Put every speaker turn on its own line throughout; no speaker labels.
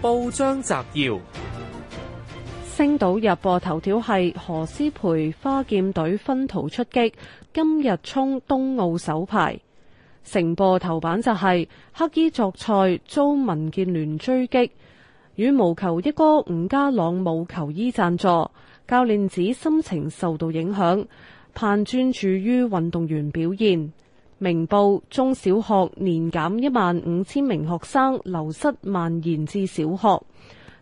報章摘要：星島日報頭條係何詩蓓花劍隊分途出擊，今日衝東奧首牌。成報頭版就係黑衣作賽遭民建聯追擊，羽毛球一哥伍家朗冇球衣贊助，教練指心情受到影響，盼專注於運動員表現。明報中小學年減一萬五千名學生，流失蔓延至小學。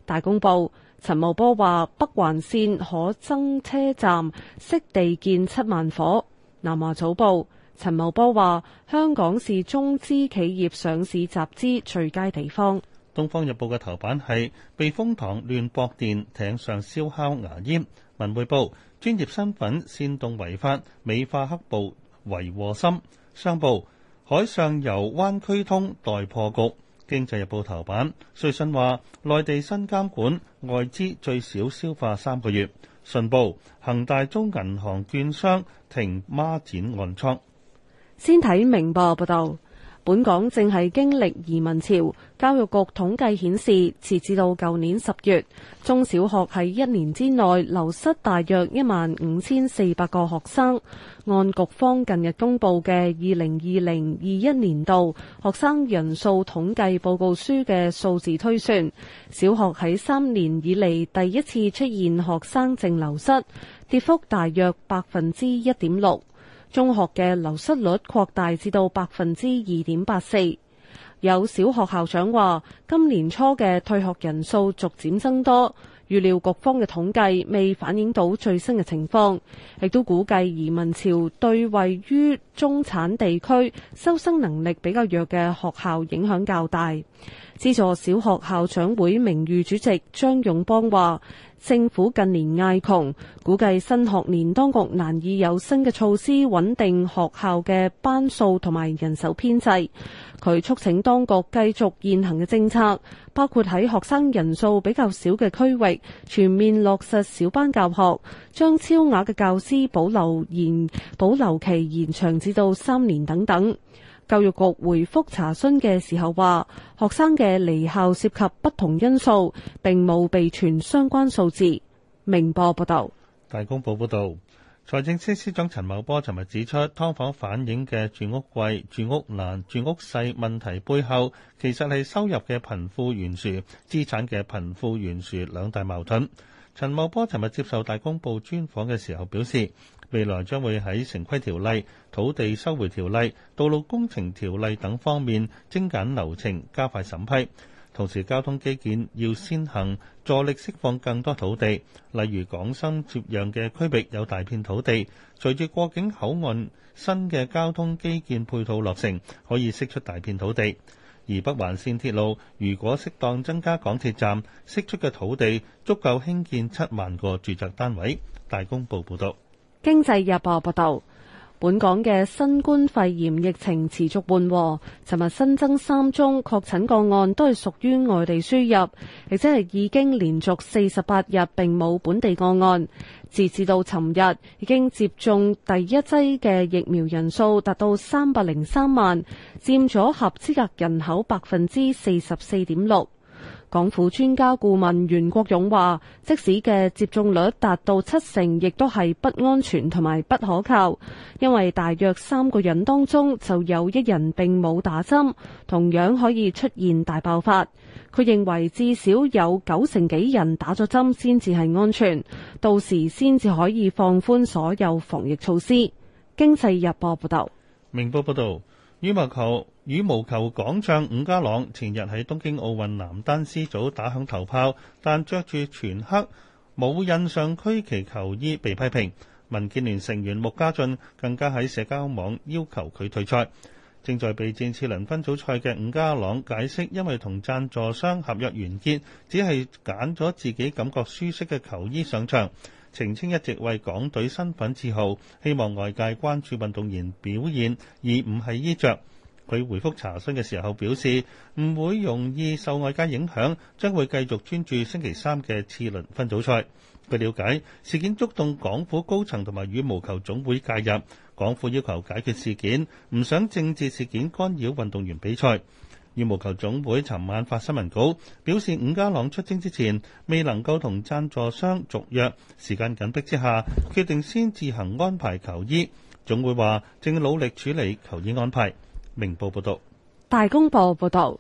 大公報陳茂波話：北環綫可增車站，適地建七萬伙。南華早報陳茂波話：香港是中資企業上市集資最佳地方。東方日報嘅頭版係
避風塘亂駁電，艇上燒烤牙煙。文匯報專業身份煽動違法美化黑暴為禍心。商報：海上油灣區通待破局。經濟日報頭版：瑞信話內地新監管，外資最少消化三個月。信報：恒大中銀行券商停孖展暗倉。
先睇明報報道。本港正喺經歷移民潮，教育局統計顯示，截至到舊年十月，中小學喺一年之內流失大約一萬五千四百個學生。按局方近日公布嘅二零二零二一年度學生人數統計報告書嘅數字推算，小學喺三年以嚟第一次出現學生淨流失，跌幅大約百分之一點六。中學嘅流失率擴大至到百分之二點八四，有小學校長話，今年初嘅退學人數逐漸增多，預料局方嘅統計未反映到最新嘅情況，亦都估計移民潮對位於中產地區、收生能力比較弱嘅學校影響較大。資助小學校長會名譽主席張勇邦話。政府近年嗌窮，估計新學年當局難以有新嘅措施，穩定學校嘅班數同埋人手編制。佢促請當局繼續現行嘅政策，包括喺學生人數比較少嘅區域，全面落實小班教學，將超額嘅教師保留延保留期延長至到三年等等。教育局回覆查詢嘅時候話，學生嘅離校涉及不同因素，并冇備存相關數字。明報報道，
大公報報道，財政司司長陳茂波尋日指出，劏房反映嘅住屋貴、住屋難、住屋細問題背後，其實係收入嘅貧富懸殊、資產嘅貧富懸殊兩大矛盾。陳茂波尋日接受大公報專訪嘅時候表示。未來將會喺城規條例、土地收回條例、道路工程條例等方面精簡流程，加快審批。同時，交通基建要先行助力釋放更多土地，例如港深接壤嘅區域有大片土地。隨住過境口岸新嘅交通基建配套落成，可以釋出大片土地。而北環線鐵路如果適當增加港鐵站，釋出嘅土地足夠興建七萬個住宅單位。大公報報道。
經濟日報報道，本港嘅新冠肺炎疫情持續緩和。尋日新增三宗確診個案，都係屬於外地輸入，亦即係已經連續四十八日並冇本地個案。截至到尋日，已經接種第一劑嘅疫苗人數達到三百零三萬，佔咗合資格人口百分之四十四點六。港府專家顧問袁國勇話，即使嘅接種率達到七成，亦都係不安全同埋不可靠，因為大約三個人當中就有一人並冇打針，同樣可以出現大爆發。佢認為至少有九成幾人打咗針先至係安全，到時先至可以放寬所有防疫措施。經濟日報報道，
明報報道。羽毛球，羽毛球港將伍家朗前日喺東京奧運男單 C 組，打響頭炮，但着住全黑冇印上區旗球衣被批評。民建聯成員穆家駿更加喺社交網要求佢退賽。正在備戰次輪分組賽嘅伍家朗解釋，因為同贊助商合約完結，只係揀咗自己感覺舒適嘅球衣上場。澄清一直為港隊身份自豪，希望外界關注運動員表現而唔係衣著。佢回覆查詢嘅時候表示唔會容易受外界影響，將會繼續專注星期三嘅次輪分組賽。據了解，事件觸動港府高層同埋羽毛球總會介入，港府要求解決事件，唔想政治事件干擾運動員比賽。羽毛球總會尋晚發新聞稿，表示伍家朗出征之前未能夠同贊助商續約，時間緊迫之下決定先自行安排球衣。總會話正努力處理球衣安排。明報報導。
大公報報導，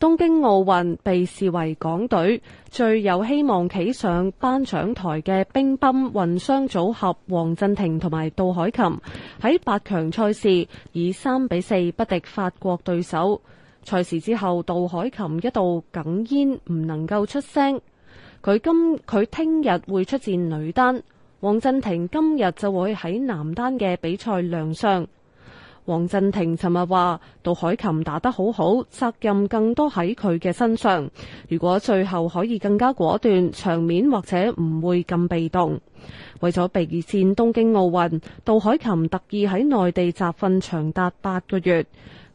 東京奧運被視為港隊最有希望企上頒獎台嘅乒乓混雙組合黃振廷同埋杜海琴喺八強賽事以三比四不敵法國對手。賽事之後，杜海琴一度哽咽，唔能夠出聲。佢今佢聽日會出戰女單，黃鎮廷今日就會喺男單嘅比賽亮相。黃鎮廷尋日話：杜海琴打得好好，責任更多喺佢嘅身上。如果最後可以更加果斷，場面或者唔會咁被動。為咗備戰東京奧運，杜海琴特意喺內地集訓長達八個月。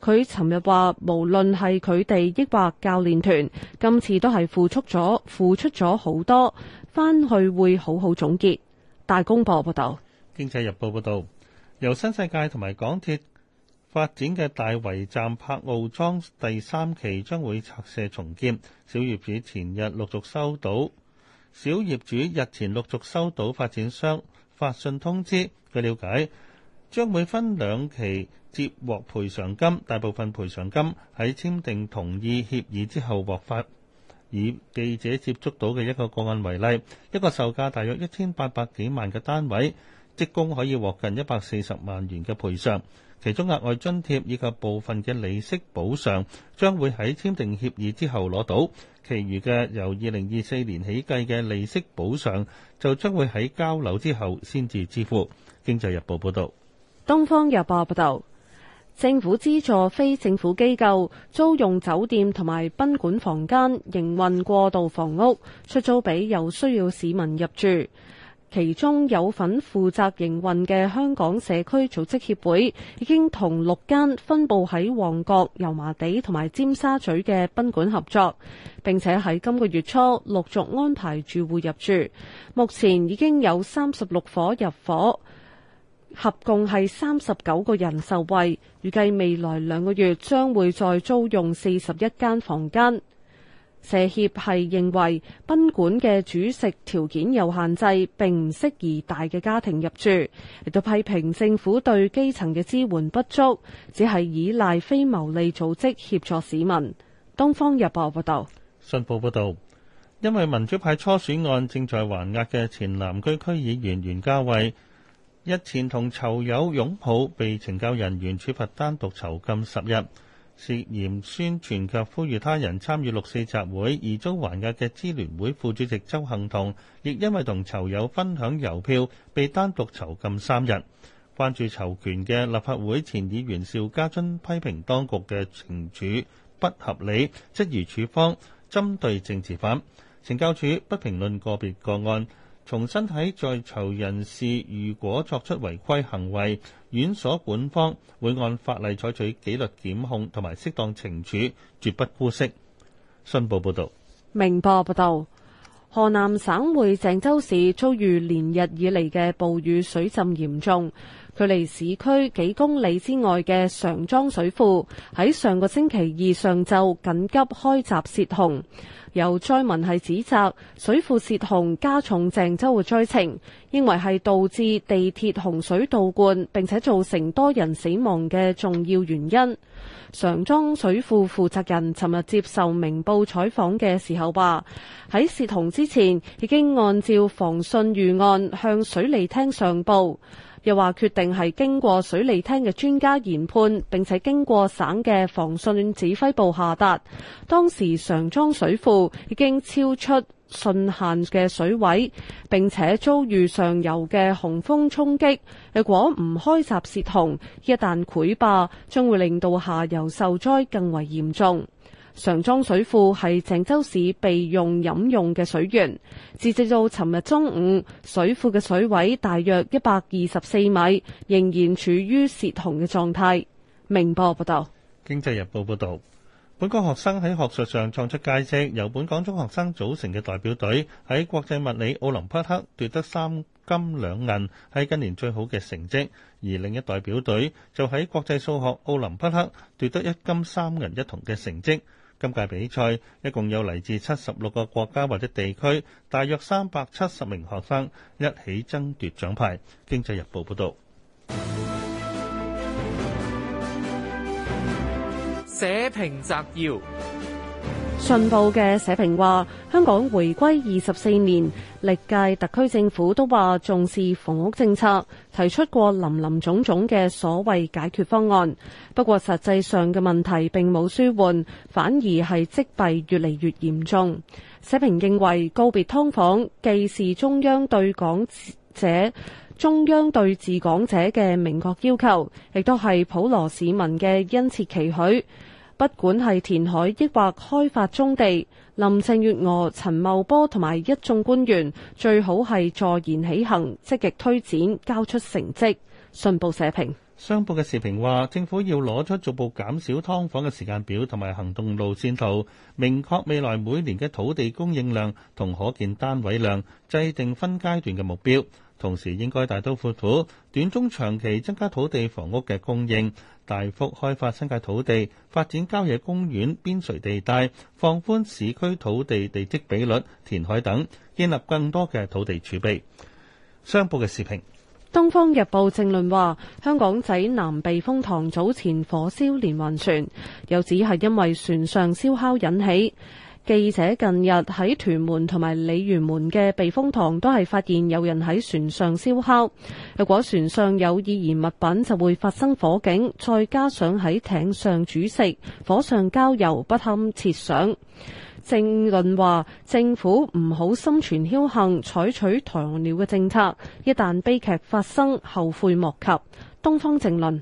佢尋日話，無論係佢哋抑或教練團，今次都係付出咗，付出咗好多，翻去會好好總結。大公報報道，
《經濟日報》報道，由新世界同埋港鐵發展嘅大圍站柏奧莊第三期將會拆卸重建，小業主前日陸續收到，小業主日前陸續收到發展商發信通知。據了解，將會分兩期接獲賠償金，大部分賠償金喺簽訂同意協議之後獲發。以記者接觸到嘅一個個案為例，一個售價大約一千八百幾萬嘅單位，職工可以獲近一百四十萬元嘅賠償，其中額外津貼以及部分嘅利息補償將會喺簽訂協議之後攞到，其餘嘅由二零二四年起計嘅利息補償就將會喺交樓之後先至支付。經濟日報報導。
東方日報報道，政府資助非政府機構租用酒店同埋賓館房間營運過渡房屋出租俾有需要市民入住。其中有份負責營運嘅香港社區組織協會，已經同六間分布喺旺角、油麻地同埋尖沙咀嘅賓館合作，並且喺今個月初陸續安排住戶入住。目前已經有三十六伙入伙。合共係三十九個人受惠，預計未來兩個月將會再租用四十一間房間。社協係認為賓館嘅主食條件有限制，並唔適宜大嘅家庭入住，亦都批評政府對基層嘅支援不足，只係依賴非牟利組織協助市民。《東方日報》報道：
「信報報道，因為民主派初選案正在還押嘅前南區區議員袁家慧。日前同囚友擁抱被懲教人員處罰單獨囚禁十日，涉嫌宣傳及呼籲他人參與六四集會而遭還押嘅支聯會副主席鄒幸彤，亦因為同囚友分享郵票被單獨囚禁三日。關注囚權嘅立法會前議員邵家臻批評當局嘅懲處不合理，質疑處方針對政治犯。懲教署不評論個別個案。重新睇在囚人士，如果作出違規行為，院所管方會按法例採取紀律檢控同埋適當懲處，絕不姑息。新報報道，
明報報道，河南省會鄭州市遭遇連日以嚟嘅暴雨，水浸嚴重。距離市區幾公里之外嘅常莊水庫，喺上個星期二上晝緊急開閘洩洪。有災民係指責水庫泄洪加重鄭州嘅災情，認為係導致地鐵洪水倒灌並且造成多人死亡嘅重要原因。常莊水庫負責人尋日接受明報採訪嘅時候話：喺泄洪之前已經按照防汛預案向水利廳上報。又話決定係經過水利廳嘅專家研判，並且經過省嘅防汛指揮部下達。當時常莊水庫已經超出汛限嘅水位，並且遭遇上游嘅洪峰衝擊。如果唔開閘泄洪，一旦潰壩，將會令到下游受災更為嚴重。常莊水庫係鄭州市備用飲用嘅水源。截至到尋日中午，水庫嘅水位大約一百二十四米，仍然處於泄洪嘅狀態。明報報道。經
濟日報報道，本港學生喺學術上創出佳績，由本港中學生組成嘅代表隊喺國際物理奧林匹克奪得三金兩銀，係今年最好嘅成績。而另一代表隊就喺國際數學奧林匹克奪得一金三銀一銅嘅成績。今屆比賽一共有嚟自七十六個國家或者地區，大約三百七十名學生一起爭奪獎牌。經濟日報報導，社評摘要。
信報嘅社評話：香港回歸二十四年，歷屆特區政府都話重視房屋政策，提出過林林總總嘅所謂解決方案。不過實際上嘅問題並冇舒緩，反而係積弊越嚟越嚴重。社評認為，告別劏房既是中央對港者、中央對治港者嘅明確要求，亦都係普羅市民嘅殷切期許。不管係填海抑或開發棕地，林鄭月娥、陳茂波同埋一眾官員最好係坐言起行，積極推展，交出成績。信報社評，
商報嘅視評話，政府要攞出逐步減少劏房嘅時間表同埋行動路線圖，明確未來每年嘅土地供應量同可見單位量，制定分階段嘅目標。同時應該大刀闊斧，短中長期增加土地房屋嘅供應，大幅開發新界土地，發展郊野公園、邊陲地帶，放寬市區土地地積比率、填海等，建立更多嘅土地儲備。商報嘅視頻，
《東方日報》正論話：香港仔南避風塘早前火燒連環船，又指係因為船上燒烤引起。記者近日喺屯門同埋鯉魚門嘅避風塘都係發現有人喺船上燒烤，若果船上有易燃物品就會發生火警，再加上喺艇上煮食，火上加油，不堪設想。正論話政府唔好心存僥倖採取鴕鳥嘅政策，一旦悲劇發生，後悔莫及。東方正論。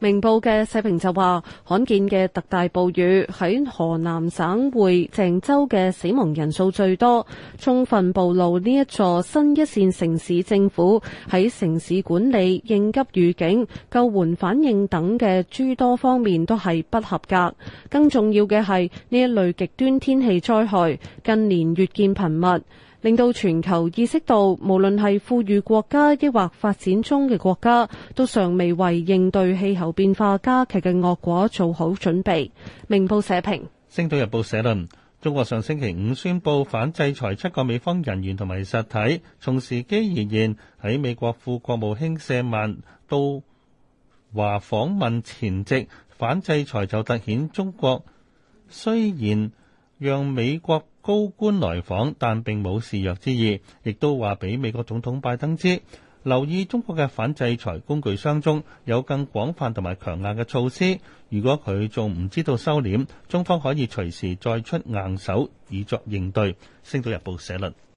明報嘅社評就話，罕見嘅特大暴雨喺河南省會鄭州嘅死亡人數最多，充分暴露呢一座新一線城市政府喺城市管理、應急預警、救援反應等嘅諸多方面都係不合格。更重要嘅係，呢一類極端天氣災害近年越見頻密。令到全球意識到，無論係富裕國家抑或發展中嘅國家，都尚未為應對氣候變化加劇嘅惡果做好準備。明報社評，
《星島日報》社論：中國上星期五宣布反制裁七個美方人員同埋實體，從時機而言，喺美國副國務卿舍曼到華訪問前夕，反制裁就突顯中國雖然，讓美國高官來訪，但並冇示弱之意，亦都話俾美國總統拜登知，留意中國嘅反制裁工具箱中有更廣泛同埋強硬嘅措施，如果佢仲唔知道收斂，中方可以隨時再出硬手以作應對。星島日報社論。